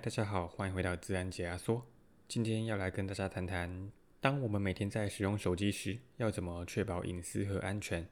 大家好，歡迎回到資安解壓縮。今天要來跟大家談談，當我們每天在使用手機時，要怎麼確保隱私和安全。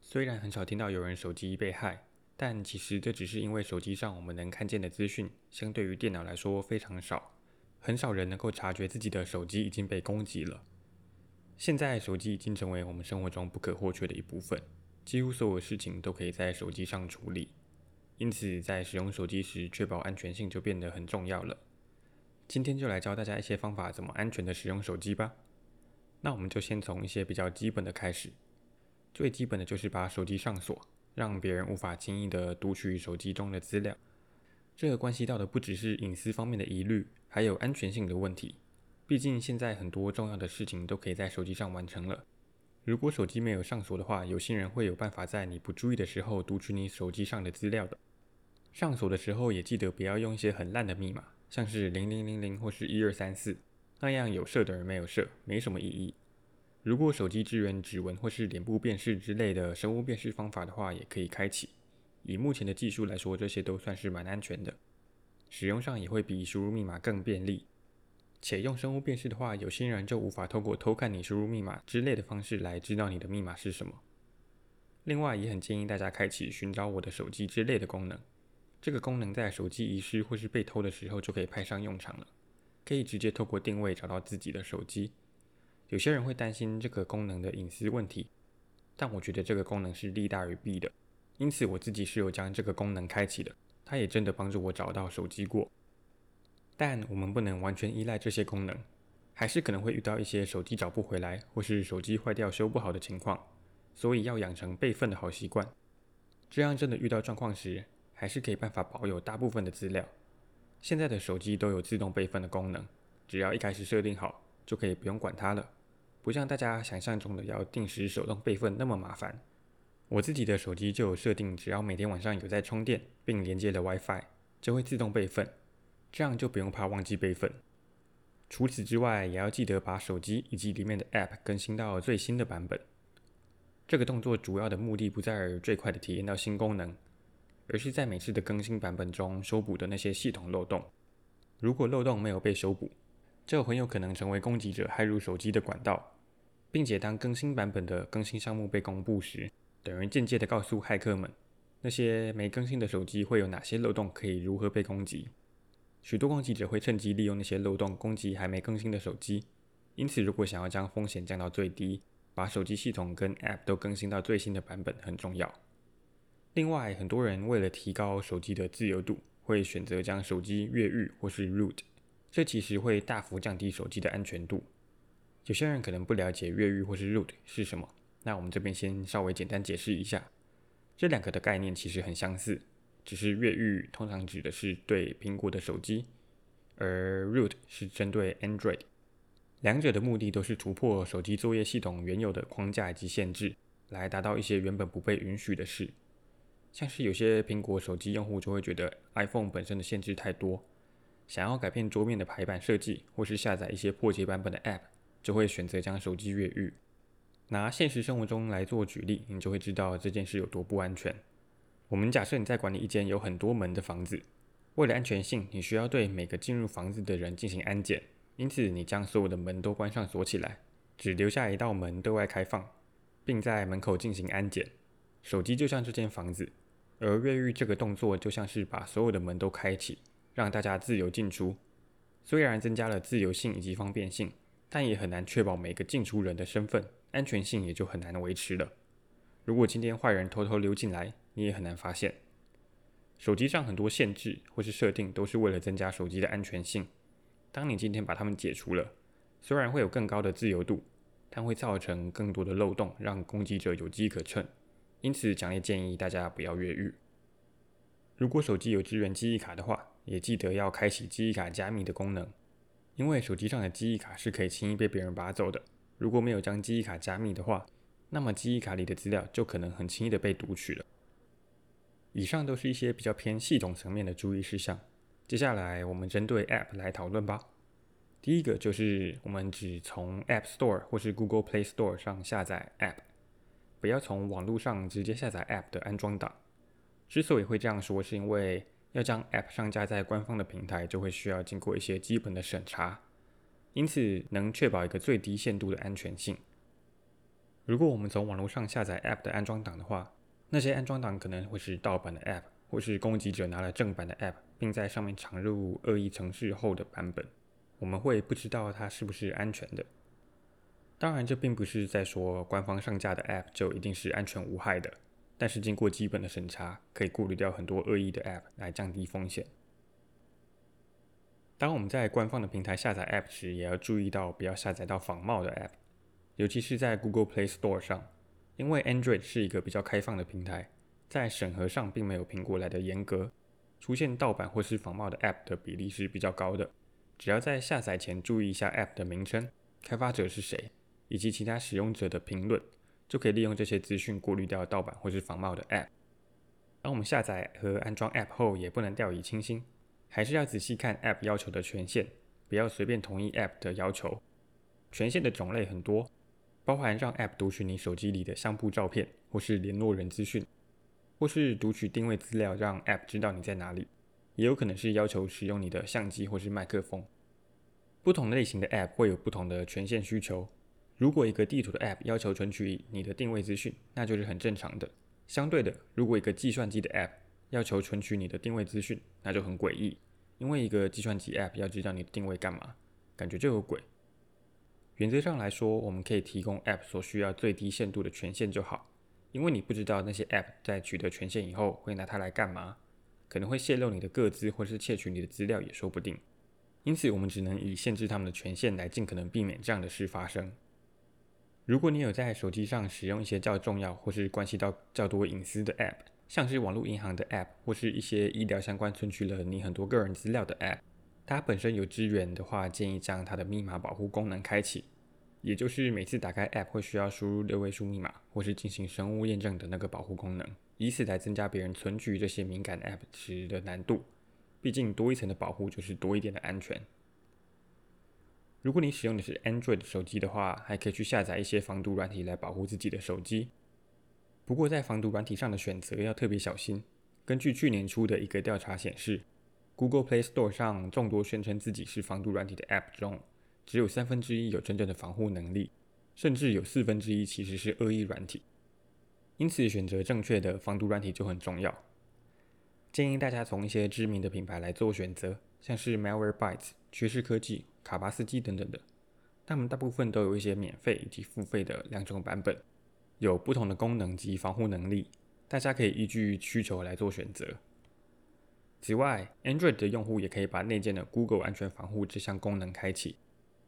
雖然很少聽到有人手機被駭，但其實這只是因為手機上我們能看見的資訊，相對於電腦來說非常少，很少人能夠察覺自己的手機已經被攻擊了。現在手機已經成為我們生活中不可或缺的一部分，幾乎所有事情都可以在手機上處理。因此，在使用手機時，確保安全性就變得很重要了。今天就來教大家一些方法，怎麼安全的使用手機吧。那我們就先從一些比較基本的開始。最基本的就是把手機上鎖，讓別人無法輕易的讀取手機中的資料。這個關係到的不只是隱私方面的疑慮，還有安全性的問題。畢竟現在很多重要的事情都可以在手機上完成了。如果手機沒有上鎖的話，有心人會有辦法在你不注意的時候讀取你手機上的資料的。上鎖的時候也記得不要用一些很爛的密碼，像是零零零零或是一二三四那樣，有設的人沒有設，沒什麼意義。如果手機支援指紋或是臉部辨識之類的生物辨識方法的話，也可以開啟。以目前的技術來說，這些都算是蠻安全的，使用上也會比輸入密碼更便利。且用生物辨識的話，有心人就無法透過偷看你輸入密碼之類的方式來知道你的密碼是什麼。另外，也很建議大家開啟“尋找我的手機”之類的功能。這個功能在手機遺失或是被偷的時候就可以派上用場了，可以直接透過定位找到自己的手機。有些人會擔心這個功能的隱私問題，但我覺得這個功能是利大於弊的，因此我自己是有將這個功能開啟的，它也真的幫助我找到手機過。但我們不能完全依賴這些功能，還是可能會遇到一些手機找不回來或是手機壞掉修不好的情況，所以要養成備份的好習慣，這樣真的遇到狀況時。還是可以辦法保有大部分的資料。現在的手機都有自動備份的功能，只要一開始設定好，就可以不用管它了。不像大家想象中的要定時手動備份那麼麻煩。我自己的手機就有設定，只要每天晚上有在充電，並連接了 WiFi，就會自動備份，這樣就不用怕忘記備份。除此之外，也要記得把手機以及裡面的 App 更新到最新的版本。這個動作主要的目的不在於最快的體驗到新功能。而是在每次的更新版本中修補的那些系統漏洞。如果漏洞沒有被修補，就很有可能成為攻擊者駭入手機的管道。並且當更新版本的更新項目被公布時，等於間接的告訴駭客們那些沒更新的手機會有哪些漏洞，可以如何被攻擊。許多攻擊者會趁機利用那些漏洞攻擊還沒更新的手機。因此，如果想要將風險降到最低，把手機系統跟 App 都更新到最新的版本很重要。另外，很多人為了提高手機的自由度，會選擇將手機越獄或是 root，這其實會大幅降低手機的安全度。有些人可能不了解越獄或是 root 是什麼，那我們這邊先稍微簡單解釋一下。這兩個的概念其實很相似，只是越獄通常指的是對蘋果的手機，而 root 是針對 Android。兩者的目的都是突破手機作業系統原有的框架及限制，來達到一些原本不被允許的事。像是有些蘋果手機用戶就會覺得 iPhone 本身的限制太多，想要改變桌面的排版設計，或是下載一些破解版本的 App，就會選擇將手機越獄。拿現實生活中來做舉例，你就會知道這件事有多不安全。我們假設你在管理一間有很多門的房子，為了安全性，你需要對每個進入房子的人進行安檢，因此你將所有的門都關上鎖起來，只留下一道門對外開放，並在門口進行安檢。手機就像這間房子。而越獄這個動作就像是把所有的門都開啟，讓大家自由進出。雖然增加了自由性以及方便性，但也很難確保每個進出人的身份，安全性也就很難維持了。如果今天壞人偷偷溜進來，你也很難發現。手機上很多限制或是設定都是為了增加手機的安全性。當你今天把它們解除了，雖然會有更高的自由度，但會造成更多的漏洞，讓攻擊者有機可乘。因此，強烈建議大家不要越獄。如果手機有支援記憶卡的話，也記得要開啟記憶卡加密的功能，因為手機上的記憶卡是可以輕易被別人拔走的。如果沒有將記憶卡加密的話，那麼記憶卡裡的資料就可能很輕易的被讀取了。以上都是一些比較偏系統層面的注意事項，接下來我們針對 App 來討論吧。第一個就是我們只從 App Store 或是 Google Play Store 上下載 App。不要從網路上直接下載 App 的安裝檔。之所以會這樣說，是因為要將 App 上架在官方的平台，就會需要經過一些基本的審查，因此能確保一個最低限度的安全性。如果我們從網路上下載 App 的安裝檔的話，那些安裝檔可能會是盜版的 App，或是攻擊者拿了正版的 App，並在上面插入惡意程式後的版本，我們會不知道它是不是安全的。當然，這並不是在說官方上架的 App 就一定是安全無害的。但是經過基本的審查，可以過濾掉很多惡意的 App 來降低風險。當我們在官方的平台下載 App 時，也要注意到不要下載到仿冒的 App，尤其是在 Google Play Store 上，因為 Android 是一個比較開放的平台，在審核上並沒有蘋果來的嚴格，出現盜版或是仿冒的 App 的比例是比較高的。只要在下載前注意一下 App 的名稱，開發者是誰，以及其他使用者的評論，就可以利用這些資訊過濾掉盜版或是仿冒的 App。當我們下載和安裝 App 後，也不能掉以輕心，還是要仔細看 App 要求的權限，不要隨便同意 App 的要求。權限的種類很多，包含讓 App 讀取你手機裡的相簿照片，或是聯絡人資訊，或是讀取定位資料，讓 App 知道你在哪裡。也有可能是要求使用你的相機或是麥克風。不同類型的 App 會有不同的權限需求。如果一個地圖的 App 要求存取你的定位資訊，那就是很正常的。相對的，如果一個計算機的 App 要求存取你的定位資訊，那就很詭異。因為一個計算機 App 要知道你的定位幹嘛？感覺就有鬼。原則上來說，我們可以提供 App 所需要最低限度的權限就好，因為你不知道那些 App 在取得權限以後會拿它來幹嘛，可能會泄露你的個資或是竊取你的資料也說不定。因此，我們只能以限制他們的權限來盡可能避免這樣的事發生。如果你有在手機上使用一些較重要或是關係到較多隱私的 App，像是網絡銀行的 App 或是一些醫療相關存取了你很多個人資料的 App，它本身有支援的話，建議將它的密碼保護功能開啟，也就是每次打開 App 會需要輸入六位數密碼或是進行生物驗證的那個保護功能，以此來增加別人存取這些敏感 App 時的難度。畢竟多一層的保護就是多一點的安全。如果你使用的是 Android 手機的話，還可以去下載一些防毒軟體來保護自己的手機。不過，在防毒軟體上的選擇要特別小心。根據去年初的一個調查顯示，Google Play Store 上眾多宣稱自己是防毒軟體的 App 中，只有三分之一有真正的防護能力，甚至有四分之一其實是惡意軟體。因此，選擇正確的防毒軟體就很重要。建議大家從一些知名的品牌來做選擇，像是 Malwarebytes、趨勢科技。卡巴斯基等等的，它們大部分都有一些免費以及付費的兩種版本，有不同的功能及防護能力，大家可以依據需求來做選擇。此外，Android 的用戶也可以把內建的 Google 安全防護這項功能開啟，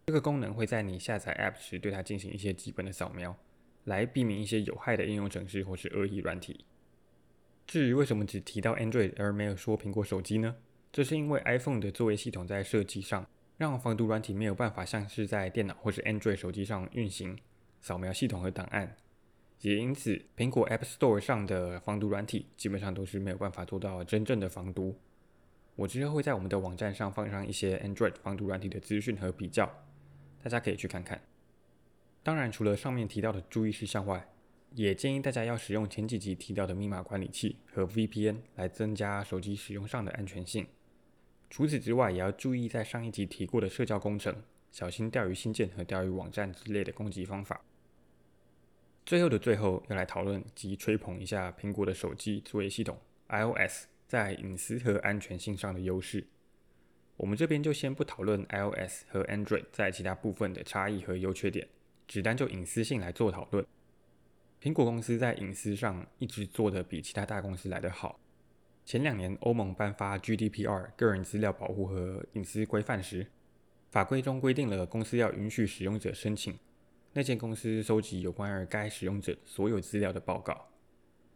這個功能會在你下載 App 時對它進行一些基本的掃描，來避免一些有害的應用程式或是惡意軟體。至於為什麼只提到 Android 而沒有說蘋果手機呢？這是因為 iPhone 的作業系統在設計上。讓防毒軟體沒有辦法像是在電腦或是 Android 手機上運行、掃描系統和檔案，也因此，蘋果 App Store 上的防毒軟體基本上都是沒有辦法做到真正的防毒。我之後會在我們的網站上放上一些 Android 防毒軟體的資訊和比較，大家可以去看看。當然，除了上面提到的注意事項外，也建議大家要使用前幾集提到的密碼管理器和 VPN 來增加手機使用上的安全性。除此之外，也要注意在上一集提過的社交工程，小心釣魚信件和釣魚網站之類的攻擊方法。最後的最後，要來討論及吹捧一下蘋果的手機作業系統 iOS 在隱私和安全性上的優勢。我們這邊就先不討論 iOS 和 Android 在其他部分的差異和優缺點，只單就隱私性來做討論。蘋果公司在隱私上一直做得比其他大公司來得好。前兩年，歐盟頒發 GDPR 個人資料保護和隱私規範時，法規中規定了公司要允許使用者申請那間公司收集有關於該使用者所有資料的報告。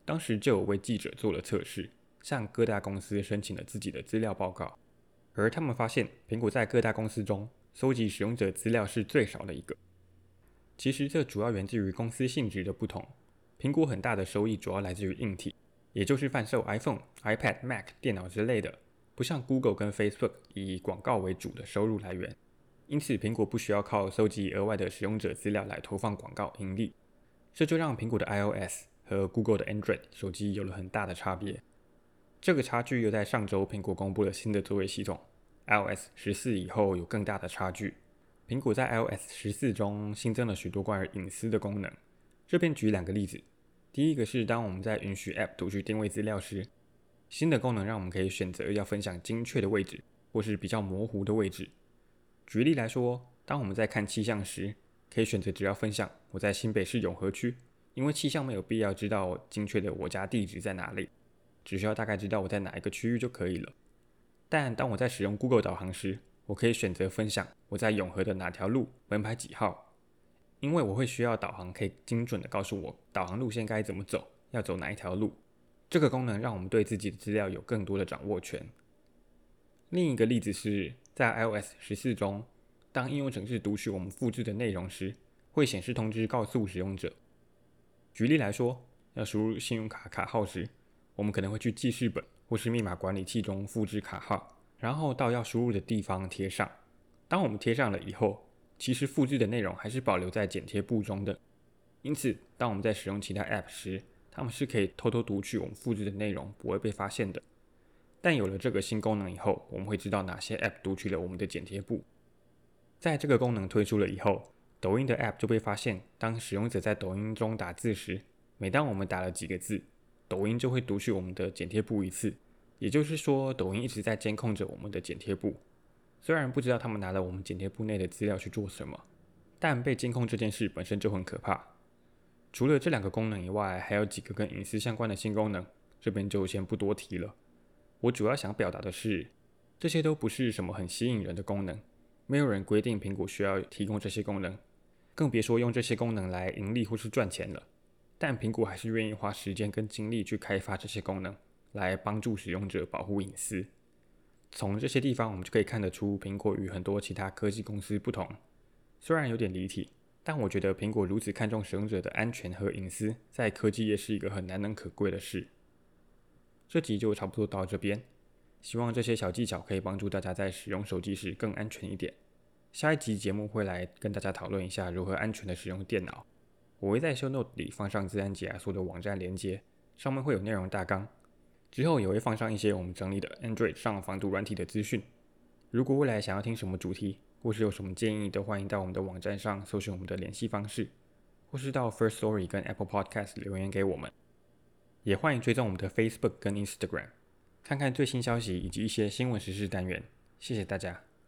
當時就有位記者做了測試，向各大公司申請了自己的資料報告，而他們發現蘋果在各大公司中收集使用者資料是最少的一個。其實這主要源自於公司性質的不同，蘋果很大的收益主要來自於硬體。也就是販售 iPhone、iPad、Mac 電腦之類的，不像 Google 跟 Facebook 以廣告為主的收入來源，因此蘋果不需要靠蒐集額外的使用者資料來投放廣告盈利，這就讓蘋果的 iOS 和 Google 的 Android 手機有了很大的差別。這個差距又在上周蘋果公布了新的作業系統 iOS 十四以後有更大的差距。蘋果在 iOS 十四中新增了許多關於隱私的功能，這邊舉兩個例子。第一個是，當我們在允許 App 讀取定位資料時，新的功能讓我們可以選擇要分享精確的位置，或是比較模糊的位置。舉例來說，當我們在看氣象時，可以選擇只要分享我在新北市永和區，因為氣象沒有必要知道精確的我家地址在哪裡，只需要大概知道我在哪一個區域就可以了。但當我在使用 Google 導航時，我可以選擇分享我在永和的哪條路、門牌幾號。因為我會需要導航，可以精準地告訴我導航路線該怎麼走，要走哪一條路。這個功能讓我們對自己的資料有更多的掌握權。另一個例子是，在 iOS 十四中，當應用程式讀取我們複製的內容時，會顯示通知告訴使用者。舉例來說，要輸入信用卡卡號時，我們可能會去記事本或是密碼管理器中複制卡號，然後到要輸入的地方貼上。當我們貼上了以後，其實複製的內容還是保留在剪貼簿中的，因此當我們在使用其他 App 時，它們是可以偷偷讀取我們複製的內容，不會被發現的。但有了這個新功能以後，我們會知道哪些 App 讀取了我們的剪貼簿。在這個功能推出了以後，抖音的 App 就被發現，當使用者在抖音中打字時，每當我們打了幾個字，抖音就會讀取我們的剪貼簿一次，也就是說，抖音一直在監控着我們的剪貼簿。雖然不知道他們拿了我們剪貼簿內的資料去做什麼，但被監控這件事本身就很可怕。除了這兩個功能以外，還有幾個跟隱私相關的新功能，這邊就先不多提了。我主要想表達的是，這些都不是什麼很吸引人的功能，沒有人規定蘋果需要提供這些功能，更別說用這些功能來盈利或是賺錢了。但蘋果還是願意花時間跟精力去開發這些功能，來幫助使用者保護隱私。從這些地方，我們就可以看得出，蘋果與很多其他科技公司不同。雖然有點離題，但我覺得蘋果如此看重使用者的安全和隱私，在科技業是一個很難能可貴的事。這集就差不多到這邊，希望這些小技巧可以幫助大家在使用手機時更安全一點。下一集節目會來跟大家討論一下如何安全的使用電腦。我會在 ShowNote 裡放上資安解壓縮的網站連接，上面會有內容大綱。之後也會放上一些我們整理的 Android 上防毒軟體的資訊。如果未來想要聽什麼主題，或是有什麼建議，都歡迎到我們的網站上搜尋我們的聯繫方式，或是到 Firstory 跟 Apple Podcast 留言給我們。也歡迎追蹤我們的 Facebook 跟 Instagram，看看最新消息以及一些新聞時事單元。謝謝大家。